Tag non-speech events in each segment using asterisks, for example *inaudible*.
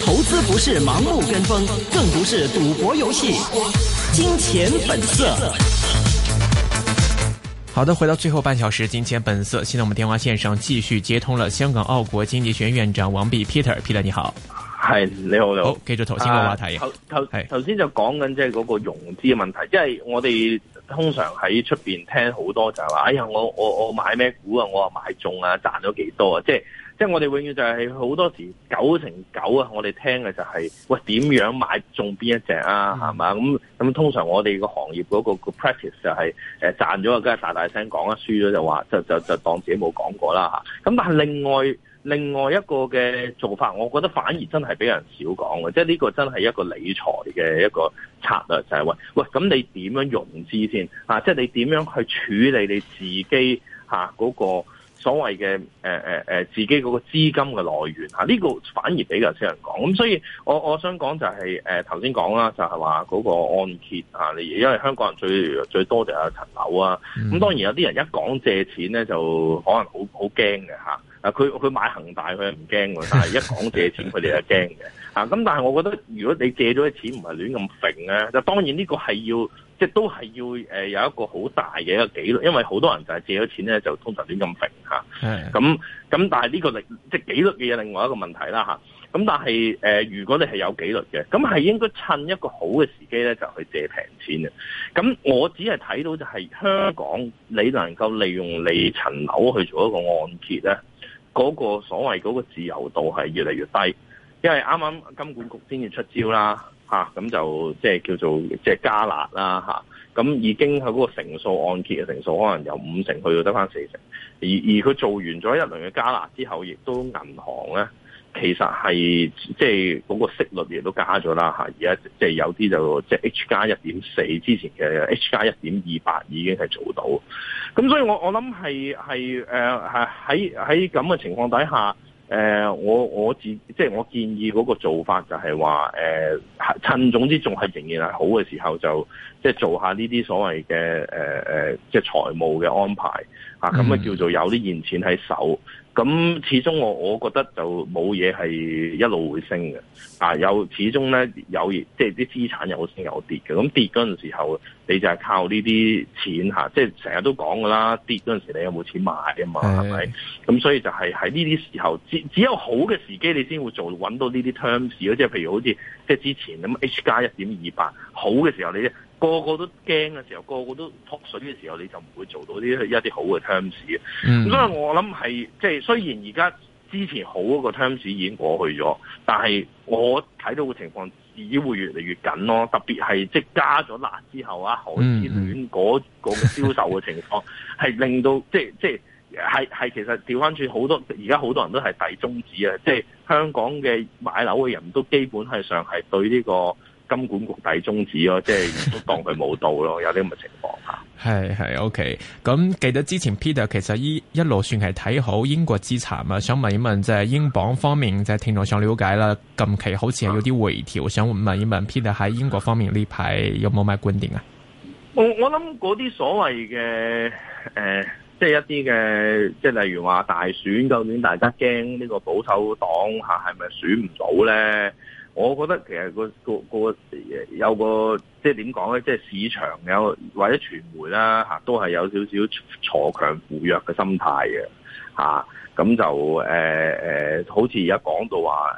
投資不是盲目跟風，更不是賭博遊戲。金錢本色。好的，回到最後半小時，金錢本色。現在我們電話線上繼續接通了香港奧國經濟學院院長王弼 Peter，Peter 你好，係你好，好，哦。繼續頭先個話題，頭頭頭先就講緊即係嗰個融資嘅問題，即、就、係、是、我哋。通常喺出邊聽好多就係話：“哎呀我，我我我買咩股啊？我話買中啊，賺咗幾多啊！即係。即係我哋永遠就係好多時九成九啊！我哋聽嘅就係喂，點樣買中邊一隻啊？係嘛？咁咁通常我哋個行業嗰個 practice 就係誒賺咗啊，梗係大大聲講啊；輸咗就話就就就當自己冇講過啦嚇。咁但係另外另外一個嘅做法，我覺得反而真係俾人少講嘅，即係呢個真係一個理財嘅一個策略就係喂，喂咁你點樣融資先啊，即係你點樣去處理你自己嚇嗰個？所謂嘅誒誒誒自己嗰個資金嘅來源嚇，呢、啊這個反而比較少人講。咁、啊、所以我我想講就係誒頭先講啦，呃、講就係話嗰個按揭啊，因為香港人最最多就有層樓啊。咁、啊、當然有啲人一講借錢咧，就可能好好驚嘅嚇。啊，佢佢買恒大佢係唔驚喎，但係一講借錢佢哋啊驚嘅。 *laughs* 啊，咁但係我覺得，如果你借咗啲錢唔係亂咁揈咧，就當然呢個係要，即係都係要、呃、有一個好大嘅一個紀律，因為好多人就係借咗錢咧就通常亂咁揈嚇。咁、啊、咁係、啊，但係呢、呢個即係紀律嘅嘢，另外一個問題啦咁、啊、但係誒、呃，如果你係有紀律嘅，咁係應該趁一個好嘅時機咧，就去借平錢嘅。咁、啊、我只係睇到就係香港，你能夠利用你層樓去做一個按揭咧，嗰、嗰個所謂嗰個自由度係越嚟越低。因為啱啱金管局先至出招啦，咁、啊、就即係叫做即係加辣啦，咁、啊、已經係嗰個成數按揭嘅成數可能由五成去到得返四成，而而佢做完咗一輪嘅加辣之後，亦都銀行咧其實係即係嗰個息率亦都加咗啦，而家即係有啲就即係、就是、H 加一點四，4, 之前嘅 H 加一點二八已經係做到，咁所以我我諗係係誒係喺喺咁嘅情況底下。誒、呃、我我自即係我建議嗰個做法就係話，誒、呃、趁總之仲係仍然係好嘅時候就、呃、即係做下呢啲所謂嘅誒誒即係財務嘅安排啊。咁啊叫做有啲現錢喺手。咁始終我我覺得就冇嘢係一路會升嘅，啊，始終呢有始終咧有即係啲資產有升有跌嘅，咁跌嗰陣時、啊、時候你就係靠呢啲錢嚇，即係成日都講噶啦，跌嗰陣時你有冇錢買啊嘛，係咪是？咁所以就係喺呢啲時候，只只有好嘅時機你先會做搵到呢啲 terms 咯，即係譬如好似即係之前咁，H 加一點二八，28，好嘅時候你。個個都驚嘅時候，個個都撲水嘅時候，你就唔會做到啲一啲好嘅 terms。咁所以我諗係，即係雖然而家之前好嗰個 terms 已經過去咗，但係我睇到嘅情況只會越嚟越緊咯。特別係即係加咗辣之後啊，mm hmm. 豪宅苑嗰個銷售嘅情況係令到 *laughs* 即係即係係係其實掉返轉好多，而家好多人都係底中旨啊！Mm hmm. 即係香港嘅買樓嘅人都基本係上係對呢、呢個。金管局大中止咯，即係都當佢冇到咯， *laughs* 有啲咁嘅情況啊。係係 OK，咁記得之前 Peter 其實依一,一路算係睇好英國資產啊，想問一問即係英鎊方面，就係聽眾想了解啦。近期好似有啲回調，啊、想問一問 Peter 喺英國方面呢排有冇咩觀點啊？我我諗嗰啲所謂嘅誒，即係一啲嘅，即係例如話大選究竟大家驚呢個保守黨係咪選唔到咧？我覺得其實個個個有個即係點講咧，即係市場有或者傳媒啦、啊、嚇，都係有少少鋤強扶弱嘅心態嘅嚇。咁、啊、就誒誒、呃呃，好似而家講到話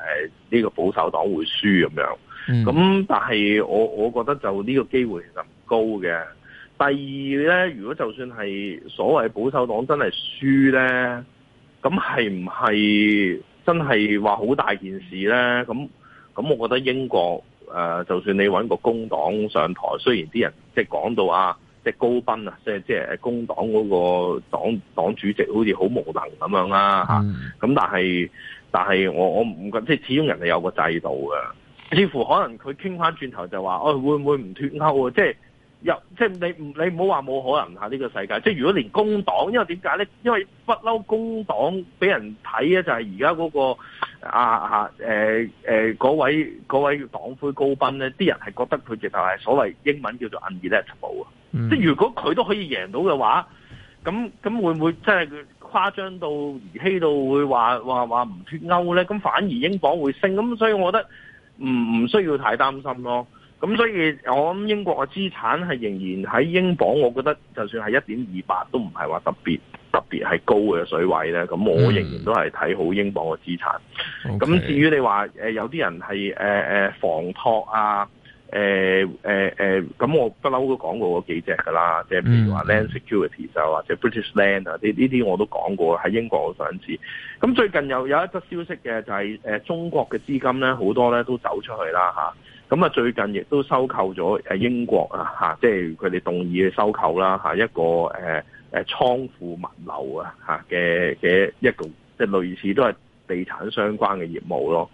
誒呢個保守黨會輸咁樣。咁、嗯、但係我我覺得就呢個機會其實唔高嘅。第二咧，如果就算係所謂保守黨真係輸咧，咁係唔係真係話好大件事咧？咁咁我覺得英國誒、呃，就算你搵個工黨上台，雖然啲人即係講到啊，即係高賓啊，即係即係工黨嗰個黨、黨主席好似好無能咁樣啦嚇。咁、嗯啊、但係但係我我唔覺，即係始終人哋有個制度嘅，似乎可能佢傾翻轉頭就話，哦、哎、會唔會唔脱歐啊？即係。又即係你唔你唔好話冇可能下呢個世界，即係如果連工黨，因為點解咧？因為不嬲工黨俾人睇咧，就係而家嗰個啊啊嗰、呃呃、位嗰位黨魁高賓咧，啲人係覺得佢直頭係所謂英文叫做 unacceptable 啊、嗯！即係如果佢都可以贏到嘅話，咁咁會唔會真係誇張到兒欺到會話話話唔脱歐咧？咁反而英鎊會升，咁所以我覺得唔唔需要太擔心咯。咁所以，我諗英國嘅資產係仍然喺英鎊，我覺得就算係一點二八都唔係話特別特別係高嘅水位咧。咁我仍然都係睇好英鎊嘅資產。咁、mm hmm. 至於你話、呃、有啲人係房誒呀，託、呃、啊，誒誒誒，咁、呃呃呃、我不嬲都講過幾隻噶啦，即係譬如話 Land Securities 就或者 British Land 啊，啲呢啲我都講過喺英國，我想知。咁最近又有一則消息嘅就係、是呃、中國嘅資金咧好多咧都走出去啦、啊咁啊，最近亦都收購咗誒英國啊，嚇，即係佢哋動議嘅收購啦，嚇一個誒誒倉庫物流啊，嚇嘅嘅一個即係類似都係地產相關嘅業務咯。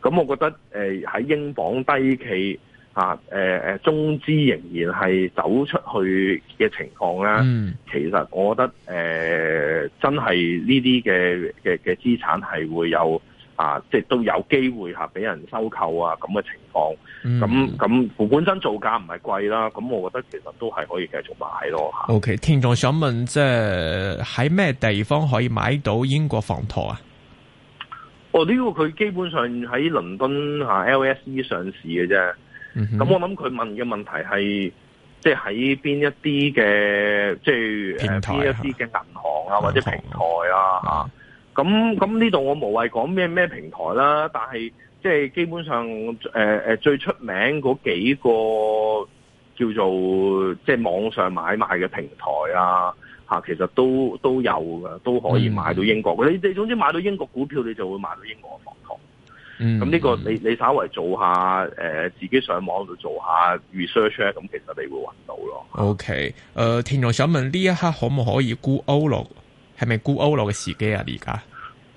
咁我覺得誒喺英鎊低企嚇誒誒中資仍然係走出去嘅情況啦，嗯，其實我覺得誒真係呢啲嘅嘅嘅資產係會有。啊，即係都有機會嚇俾人收購啊，咁嘅情況，咁咁、嗯嗯、本身造價唔係貴啦，咁我覺得其實都係可以繼續買咯 O、okay, K，聽眾想問，即係喺咩地方可以買到英國房託啊？哦，呢、呢個佢基本上喺倫敦啊 L S E 上市嘅啫。咁、嗯、哼我諗佢問嘅問題係、就是，即係喺邊一啲嘅，即係一啲嘅銀行啊，或者平台啊，嚇咁咁呢度我無謂講咩咩平台啦，但係即係基本上誒誒、呃、最出名嗰幾個叫做即係、就是、網上買賣嘅平台啊吓、啊，其實都都有嘅，都可以買到英國。嗯、你你總之買到英國股票，你就會買到英國嘅房託。嗯，咁呢個你你稍為做下誒、呃、自己上網度做下 research 咁其實你會搵到咯。OK，誒、呃，田龍想問呢一刻可唔可以沽歐樂？係咪沽歐羅嘅時機啊？而家、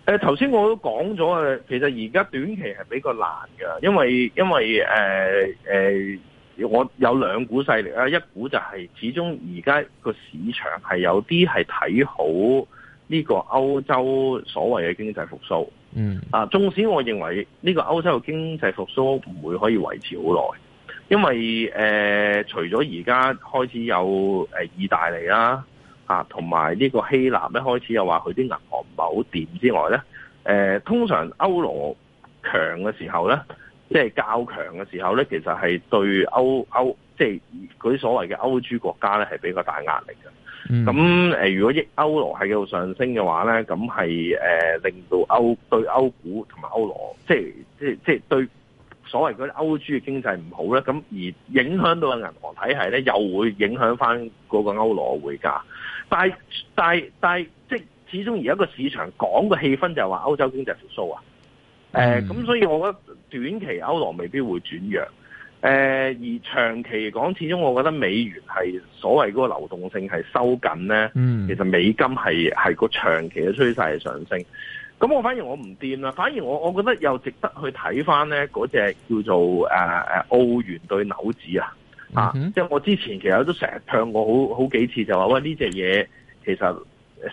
呃，誒頭先我都講咗啊，其實而家短期係比較難㗎，因為因為誒、呃呃、我有兩股勢力啊，一股就係始終而家個市場係有啲係睇好呢個歐洲所謂嘅經濟復甦，嗯啊，縱使我認為呢個歐洲嘅經濟復甦唔會可以維持好耐，因為誒、呃，除咗而家開始有誒、呃、意大利啦。啊，同埋呢個希臘一開始又話佢啲銀行唔係好掂之外呢，誒、呃、通常歐羅強嘅時候呢，即係較強嘅時候呢，其實係對歐歐即係佢所謂嘅歐豬國家呢，係比較大壓力嘅。咁、嗯呃、如果歐羅係喺度上升嘅話呢，咁係、呃、令到歐對歐股同埋歐羅，即係即係對所謂嗰啲歐豬經濟唔好呢，咁而影響到個銀行體系呢，又會影響返嗰個歐羅匯價。但係但係但係即係始終而家個市場講個氣氛就係話歐洲經濟復甦啊。咁、mm. 呃、所以我覺得短期歐羅未必會轉弱。呃、而長期嚟講，始終我覺得美元係所謂嗰個流動性係收緊咧。Mm. 其實美金係，係個長期嘅趨勢係上升。咁我反而我唔掂啦，反而我我覺得又值得去睇翻咧嗰隻叫做、呃、澳元對紐指啊。嗯、啊！即係我之前其實都成日向過好，好好幾次就話，喂，呢隻嘢其實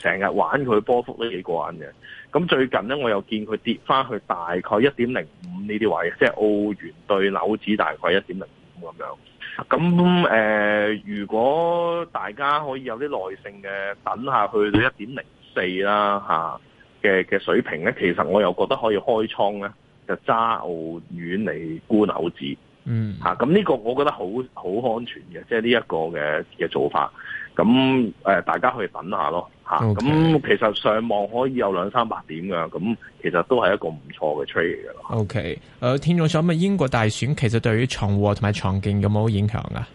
成日玩佢波幅都幾過癮嘅。咁最近咧，我又見佢跌翻去大概一點零五呢啲位置，即係澳元對紐指大概一點零五咁樣。咁誒、呃，如果大家可以有啲耐性嘅等下去到一點零四啦，嚇嘅嘅水平咧，其實我又覺得可以開倉咧，就揸澳元嚟沽紐指。嗯吓，咁呢、啊、個我覺得好好安全嘅，即係呢一個嘅嘅做法。咁誒、呃，大家去等下咯吓。咁、啊 Okay. 嗯、其實上望可以有兩三百點嘅，咁、嗯、其實都係一個唔錯嘅 trade 嚟嘅。O K，誒，聽眾想問英國大選其實對於長和同埋長建有冇影響啊？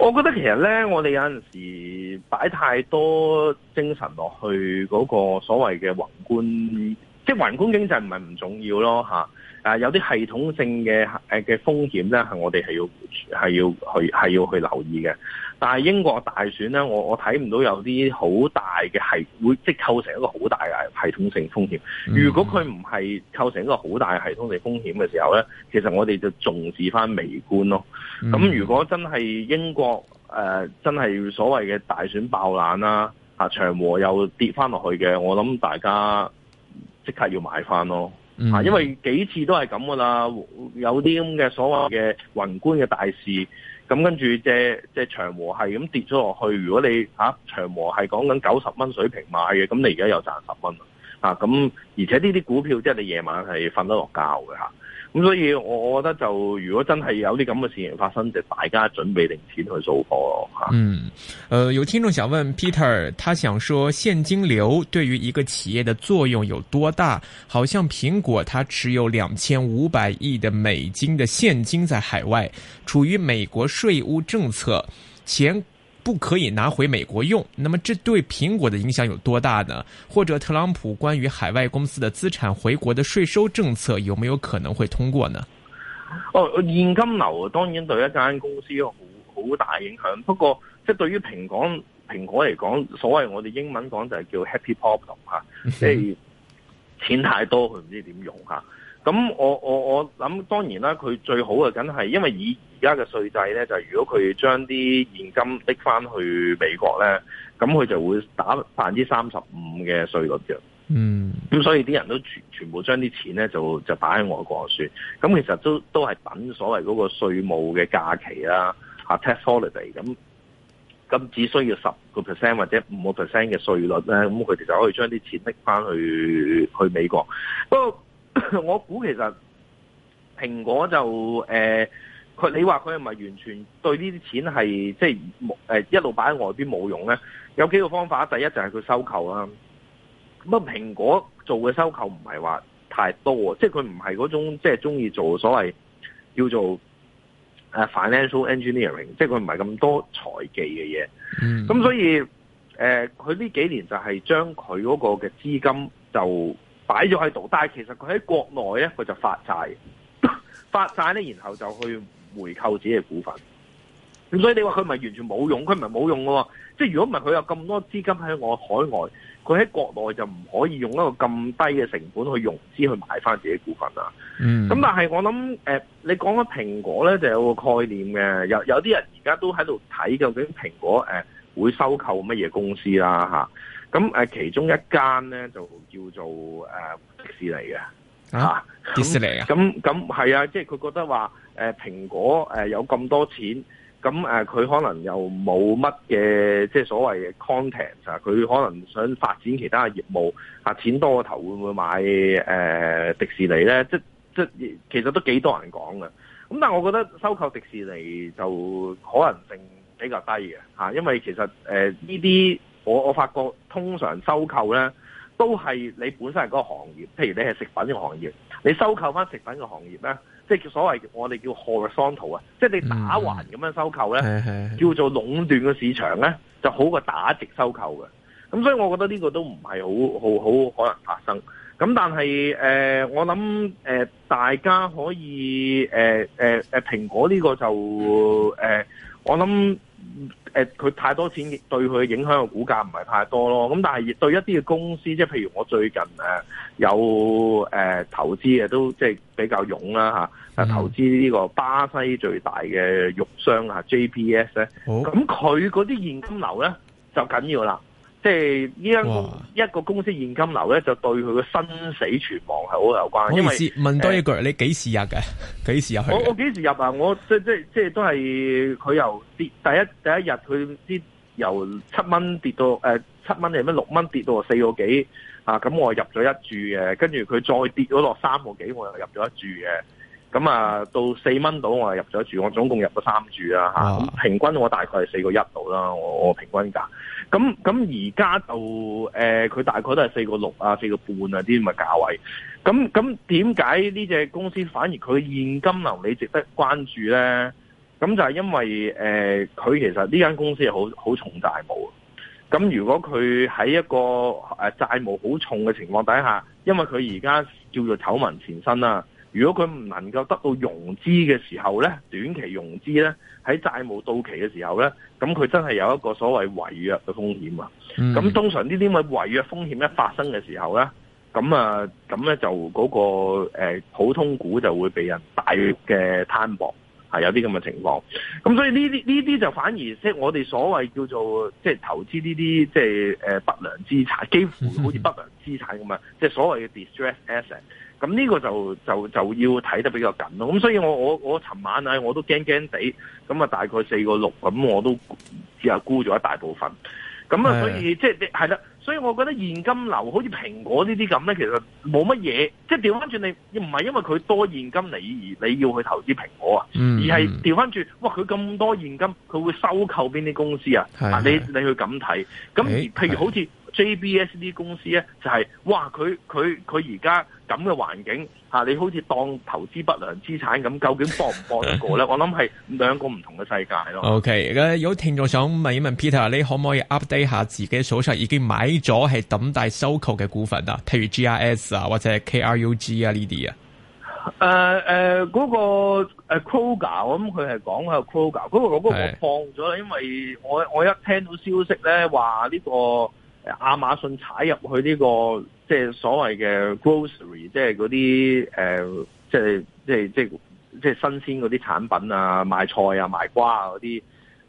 我覺得其實咧，我哋有陣時擺太多精神落去嗰個所謂嘅宏觀，即係宏觀經濟唔係唔重要咯吓。啊、呃，有啲系統性嘅嘅、呃、風險咧，係我哋係要係要去係要去留意嘅。但係英國大選咧，我我睇唔到有啲好大嘅係會即係構成一個好大嘅系統性風險。如果佢唔係構成一個好大嘅系統性風險嘅時候咧，其實我哋就重視翻微觀咯。咁如果真係英國誒、呃、真係所謂嘅大選爆冷啦，啊長和又跌翻落去嘅，我諗大家即刻要買翻咯。啊，因為幾次都係咁噶啦，有啲咁嘅所謂嘅宏觀嘅大事，咁跟住即係即係長和係咁跌咗落去。如果你嚇長和係講緊九十蚊水平買嘅，咁你而家又賺十蚊啊！咁而且呢啲股票即係你夜晚係瞓得落覺嘅嚇。咁所以，我我覺得就如果真係有啲咁嘅事情發生，就大家準備零錢去掃貨咯吓。嗯，呃有聽眾想問 Peter，他想說現金流對於一個企業的作用有多大？好像蘋果，它持有兩千五百億的美金的現金在海外，處於美國稅務政策前，不可以拿回美國用，那麼這對蘋果的影響有多大呢？或者特朗普關於海外公司的資產回國的稅收政策有沒有可能會通過呢？哦，現金流當然對一間公司有好好大影響，不過即對於蘋果蘋果嚟講，所謂我哋英文講就係叫 happy problem 吓、啊，即係 *laughs* 錢太多佢唔知點用吓。啊。咁我我我諗當然啦，佢最好嘅梗係，因為以而家嘅稅制咧，就係如果佢將啲現金搦翻去美國咧，咁佢就會打百分之三十五嘅稅率嘅。嗯。咁所以啲人都全全部將啲錢咧就就打喺外國算，咁其實都都係等所謂嗰個稅務嘅假期啦，吓 tax holiday。咁咁只需要十個 percent 或者五個 percent 嘅稅率咧，咁佢哋就可以將啲錢拎翻去去美國。不過我估其實蘋果就誒佢、呃、你話佢係咪完全對呢啲錢係即係冇誒一路擺喺外邊冇用咧？有幾個方法，第一就係佢收購啦。咁啊，蘋果做嘅收購唔係話太多啊，即係佢唔係嗰種即係中意做所謂叫做誒 financial engineering，即係佢唔係咁多財技嘅嘢。咁、嗯、所以誒，佢、呃、呢幾年就係將佢嗰個嘅資金就，擺咗喺度，但係其實佢喺國內咧，佢就發債，發債咧，然後就去回購自己嘅股份。咁所以你話佢唔係完全冇用，佢唔係冇用嘅。即係如果唔係佢有咁多資金喺我海外，佢喺國內就唔可以用一個咁低嘅成本去融資去買翻自己嘅股份啦。嗯，嗯。咁但係我諗，誒、呃，你講緊蘋果咧，就有個概念嘅。有有啲人而家都喺度睇究竟蘋果誒、呃、會收購乜嘢公司啦、啊，吓、啊。咁其中一間咧就叫做誒、呃、迪士尼嘅、啊啊、那迪士尼啊，咁咁係啊，即係佢覺得話誒、呃、蘋果有咁多錢，咁佢、呃、可能又冇乜嘅即係所謂嘅 content 啊，佢可能想發展其他嘅業務啊，錢多過頭會唔會買誒、呃、迪士尼咧？即即其實都幾多人講嘅，咁但係我覺得收購迪士尼就可能性比較低嘅、啊、因為其實誒呢啲。呃我我發覺通常收購呢都係你本身係嗰個行業，譬如你係食品嘅行業，你收購翻食品嘅行業呢，即係所謂我哋叫 horizontal 啊，即係你打橫咁樣收購呢，嗯、叫做壟斷嘅市場呢，就好過打直收購嘅。咁所以我覺得呢個都唔係好好好可能發生。咁但係誒、呃，我諗誒、呃、大家可以誒、呃呃、蘋果呢個就誒、呃，我諗。誒，佢太多錢對佢影響個股價唔係太多咯，咁但係對一啲嘅公司，即係譬如我最近誒有誒、呃、投資嘅都即係比較勇啦嚇，誒、啊、投資呢個巴西最大嘅肉商啊 JPS 咧，咁佢嗰啲現金流咧就緊要啦。即係呢一個公司現金流咧，就對佢個生死存亡係好有關。唔好意思，因為問多一句，呃、你幾時入嘅？幾時入去我？我我幾時入啊？我即即即都係佢由跌第一第一日，佢啲由七蚊跌到誒、呃、七蚊，定咩六蚊跌到四個幾啊？咁我入咗一注嘅，跟住佢再跌咗落三個幾，我又入咗一注嘅。咁啊，到四蚊度我入咗一注，我總共入咗三注啦吓。啊、哇平均我大概係四個一度啦，我我平均價。咁咁而家就誒，佢、呃、大概都係四個六啊，四個半啊啲咁嘅價位。咁咁點解呢隻公司反而佢現金流你值得關注呢？咁就係因為誒，佢、呃、其實呢間公司係好好重債務。咁如果佢喺一個債務好重嘅情況底下，因為佢而家叫做醜聞纏身啦、啊。如果佢唔能夠得到融資嘅時候呢，短期融資呢，喺債務到期嘅時候呢，咁佢真係有一個所謂違約嘅風險啊！咁通常呢啲咁嘅違約風險一發生嘅時候呢咁啊，咁呢就嗰個誒普通股就會被人大嘅攤薄。係有啲咁嘅情況，咁所以呢啲呢啲就反而即係我哋所謂叫做即係投資呢啲即係誒不良資產，幾乎好似不良資產咁啊！即係所謂嘅 distressed asset，咁呢個就就就要睇得比較緊咯。咁所以我我我尋晚啊，我都驚驚地，咁啊大概四個六，咁我都只又沽咗一大部分，咁啊所以的即係係啦。所以我覺得現金流好似蘋果呢啲咁咧，其實冇乜嘢。即係調翻轉你，唔係因為佢多現金嚟而你要去投資蘋果啊，嗯、而係調翻轉，哇！佢咁多現金，佢會收購邊啲公司啊？係，你你去咁睇，咁而係，譬如好似。JBS 呢啲公司咧、就是，就係哇！佢佢佢而家咁嘅環境你好似當投資不良資產咁，究竟放唔放得過咧？ *laughs* 我諗係兩個唔同嘅世界咯。OK，而家有聽眾想問一問 Peter，你可唔可以 update 下自己所數已經買咗係抌大收購嘅股份啊？譬如 GRS 啊，或者 KRUG 啊呢啲啊。誒嗰、呃呃那個 k Kroger，咁佢係講係 Kroger，嗰個嗰個我放咗啦，是因為我我一聽到消息咧話呢、這個。亞馬遜踩入去呢，這個即係所謂嘅 grocery，即係嗰啲誒，即係即係、呃、即係即係新鮮嗰啲產品啊，賣菜啊，賣瓜啊嗰啲，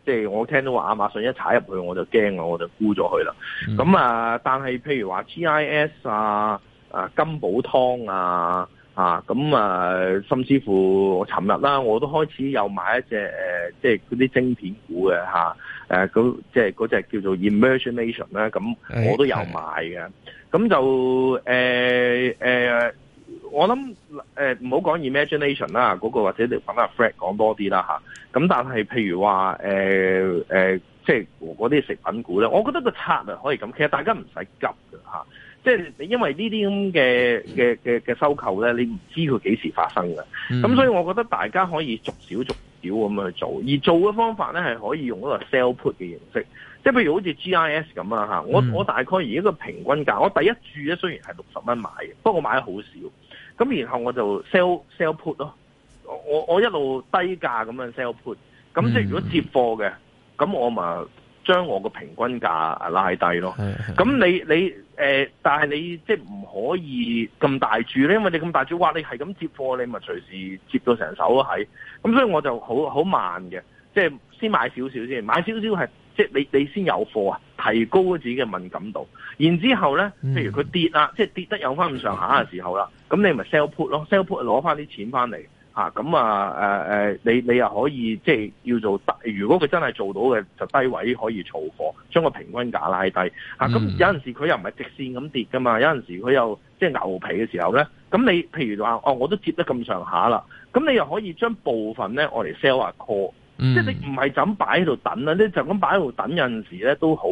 即係我聽到話亞馬遜一踩入去，我就驚啊，我就沽咗佢啦。咁、嗯、啊，但係譬如話 GIS 啊，啊金寶湯啊，啊咁啊，甚至乎我尋日啦，我都開始有買一隻誒、呃，即係嗰啲晶片股嘅吓。啊誒、uh，即係嗰隻叫做 imagination 啦、嗯，咁、嗯、我都有買嘅。咁對就誒誒、呃呃，我諗誒唔好講 imagination 啦、那個，嗰個或者食品啊 Fred 講多啲啦嚇。咁但係譬如話誒誒，即係嗰啲食品股咧，我覺得個策略可以咁。其實大家唔使急㗎。嚇、啊，即係因為呢啲咁嘅嘅嘅嘅收購咧，你唔知佢幾時發生嘅。咁、嗯嗯、所以，我覺得大家可以逐少逐。少咁去做，而做嘅方法咧係可以用一個 sell put 嘅形式，即係譬如好似 G I S 咁啦吓，我我大概而家個平均價，我第一注咧雖然係六十蚊買嘅，不過我買得好少，咁然後我就 sell sell put 咯，我我一路低價咁樣 sell put，咁即係如果接貨嘅，咁我咪將我個平均價拉低咯，咁 *music* 你你誒、呃，但係你即係唔可以咁大注咧，因為你咁大注，哇！你係咁接貨，你咪隨時接到成手咯喺，咁所以我就好好慢嘅，即係先買少少先，買少少係即係你你先有貨啊，提高自己嘅敏感度，然之後咧，譬如佢跌啦 *music* 即係跌得有翻咁上下嘅時候啦，咁你咪 sell put 咯，sell put 攞翻啲錢翻嚟。啊，咁啊，誒、啊、你你又可以即係要做低，如果佢真係做到嘅，就低位可以儲貨，將個平均價拉低。嚇、啊，咁有陣時佢又唔係直線咁跌噶嘛，有陣時佢又即係牛皮嘅時候咧，咁你譬如話，哦，我都跌得咁上下啦，咁你又可以將部分咧，我嚟 sell 下 call，即係你唔係就咁擺喺度等啦，你就咁擺喺度等有陣時咧都好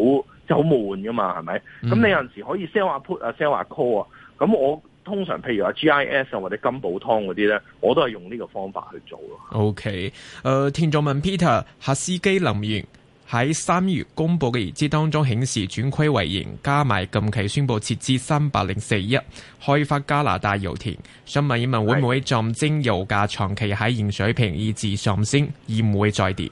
即好悶噶嘛，係咪？咁你有陣時可以 sell 下 put 啊 sell 下 call 啊，咁、啊啊啊、我。通常譬如話 GIS 啊或者金寶湯嗰啲呢，我都係用呢個方法去做咯、okay, 呃。O K，誒田中文 Peter，哈斯基能源喺三月公佈嘅業績當中顯示轉虧為盈，加埋近期宣布設置三百零四億開發加拿大油田，想問一問會唔會象徵油價長期喺現水平以至上升，而唔會再跌？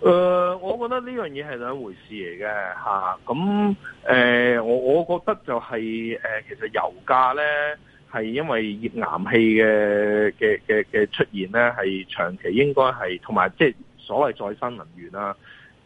誒、呃，我覺得呢樣嘢係兩回事嚟嘅吓，咁、啊、誒、嗯呃，我我覺得就係、是、誒、呃，其實油價咧係因為頁岩氣嘅嘅嘅嘅出現咧，係長期應該係同埋即係所謂再生能源啦。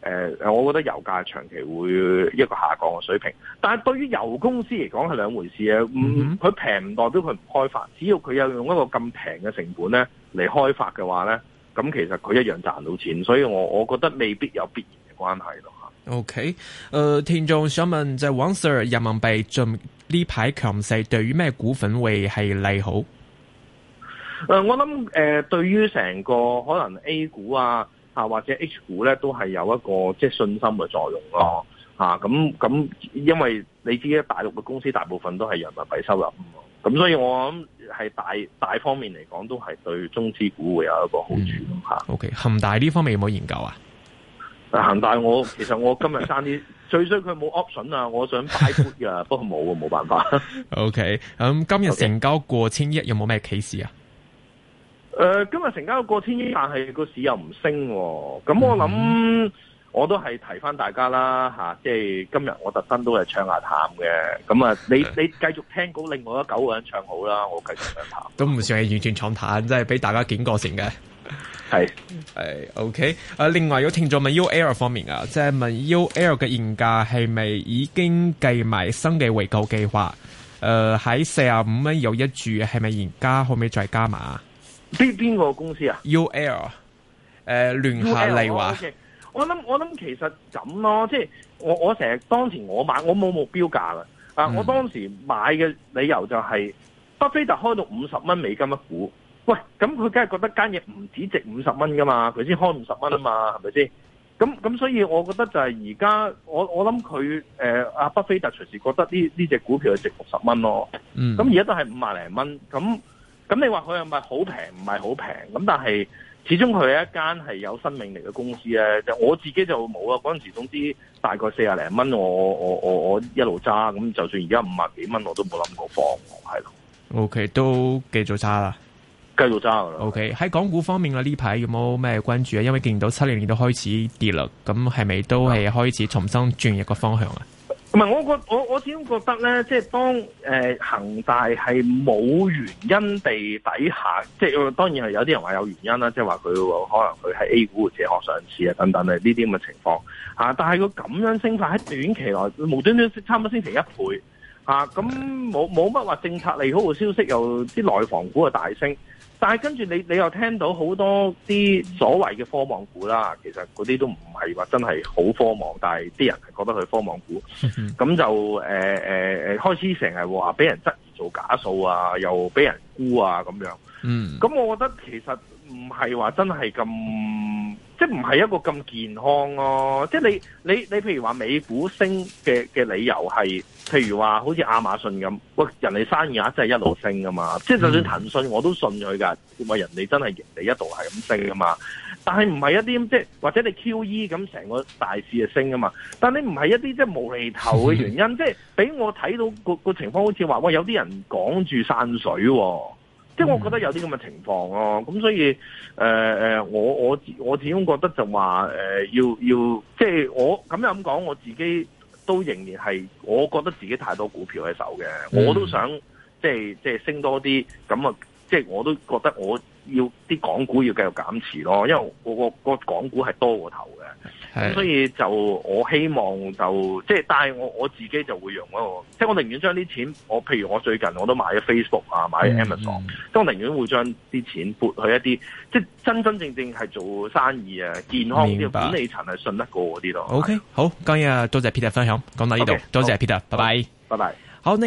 誒、呃，我覺得油價長期會一個下降嘅水平，但係對於油公司嚟講係兩回事啊，唔，佢平唔代表佢唔開發，只要佢有用一個咁平嘅成本咧嚟開發嘅話咧。咁其實佢一樣賺到錢，所以我我覺得未必有必然嘅關係咯。OK，誒、呃，聽眾想問就係，王 Sir，人民幣近呢排強勢，對於咩股份會係利好？呃、我諗誒、呃，對於成個可能 A 股啊啊或者 H 股咧，都係有一個即係信心嘅作用咯。咁、啊、咁因為。你知嘅，大陸嘅公司大部分都係人民幣收入啊咁所以我諗係大大方面嚟講，都係對中資股會有一個好處咯嚇。嗯、o、okay, K，恒大呢方面有冇研究啊？恒大我其實我今日爭啲， *laughs* 最衰佢冇 option 啊，我想擺盤啊，不過冇啊，冇辦法。O K，咁今日成交過千億 Okay. 有冇咩啟示啊？誒、呃，今日成交過千億，但係個市又唔升喎，咁我諗。嗯我都係提翻大家啦，吓、啊，即係今日我特登都係唱下淡嘅。咁啊，你是你繼續聽到另外一九個人唱好啦，我繼續唱淡。都唔算係完全唱淡，即係俾大家警覺性嘅。係係是、哎、OK。誒、啊，另外有聽眾問 UL 方面啊，即、就、係、是、問 UL 嘅現價係咪已經計埋新嘅回購計劃？誒、呃，喺四啊五蚊有一注，係咪現價可唔可以再加碼？邊邊個公司啊？UL 誒、聯、呃、下你話。我諗我諗其實咁咯，即係我我成日當時我買我冇目標價啦。啊、嗯，我當時買嘅理由就係、是、巴菲特開到五十蚊美金一股。喂，咁佢梗係覺得間嘢唔止值五十蚊噶嘛，佢先開五十蚊啊嘛，係咪先？咁咁所以，我覺得就係而家我我諗佢誒阿巴菲特隨時覺得呢呢隻股票係值六十蚊咯。咁而家都係五十零蚊。咁咁你話佢係咪好平？唔係好平。咁但係。始終佢係一間係有生命力嘅公司咧，我自己就冇啊。嗰陣時總之大概四十零蚊，我我我我一路揸，咁就算而家五十幾蚊，我都冇諗過放，係咯。O K，都繼續揸啦，繼續揸啦。O K，喺港股方面咧，呢排有冇咩關注啊？因為見到七零年都開始跌啦，咁係咪都係開始重新轉一個方向啊？唔係，我覺我我始終覺得咧，即係當誒恒、呃、大係冇原因地底下，即係、呃、當然係有啲人話有原因啦，即係話佢可能佢喺 A 股嘅借殼上市啊等等嘅呢啲咁嘅情況嚇、啊。但係佢咁樣升法喺短期內無端端差唔多升成一倍嚇，咁冇冇乜話政策利好嘅消息，又啲內房股啊大升。但係跟住你，你又聽到好多啲所謂嘅科網股啦，其實嗰啲都唔係話真係好科網，但係啲人係覺得佢科網股，咁 *laughs* 就誒誒、呃、開始成日話俾人質疑做假數啊，又俾人沽啊咁樣。嗯，咁我覺得其實。唔係話真係咁，即係唔係一個咁健康咯、啊？即係你你你譬，譬如話美股升嘅嘅理由係，譬如話好似亞馬遜咁，喂人哋生意額真係一路升噶嘛？即係、嗯、就算騰訊我都信佢㗎，為人哋真係哋一度係咁升噶嘛？但係唔係一啲即係或者你 QE 咁成個大市就升噶嘛？但你唔係一啲即係無厘頭嘅原因，嗯、即係俾我睇到個個情況好似話，喂有啲人講住山水喎、啊。嗯、即係我覺得有啲咁嘅情況咯、啊，咁所以誒誒、呃，我我我始終覺得就話誒、呃、要要，即係我咁樣咁講，我自己都仍然係我覺得自己太多股票喺手嘅，我都想即係即係升多啲，咁啊，即係我都覺得我。要啲港股要繼續減持咯，因為個個港股係多過頭嘅，咁是的 所以就我希望就即係，但係我我自己就會用一個，即係我寧願將啲錢，我譬如我最近我都買咗 Facebook 啊，買咗 Amazon，、嗯嗯、即我寧願會將啲錢撥去一啲，即係真真正正係做生意啊，健康啲管理層係信得過啲咯。O、okay, K，好，今日多謝 Peter 分享，講到呢度，多 Okay, 謝 Peter，拜拜好，拜拜 bye。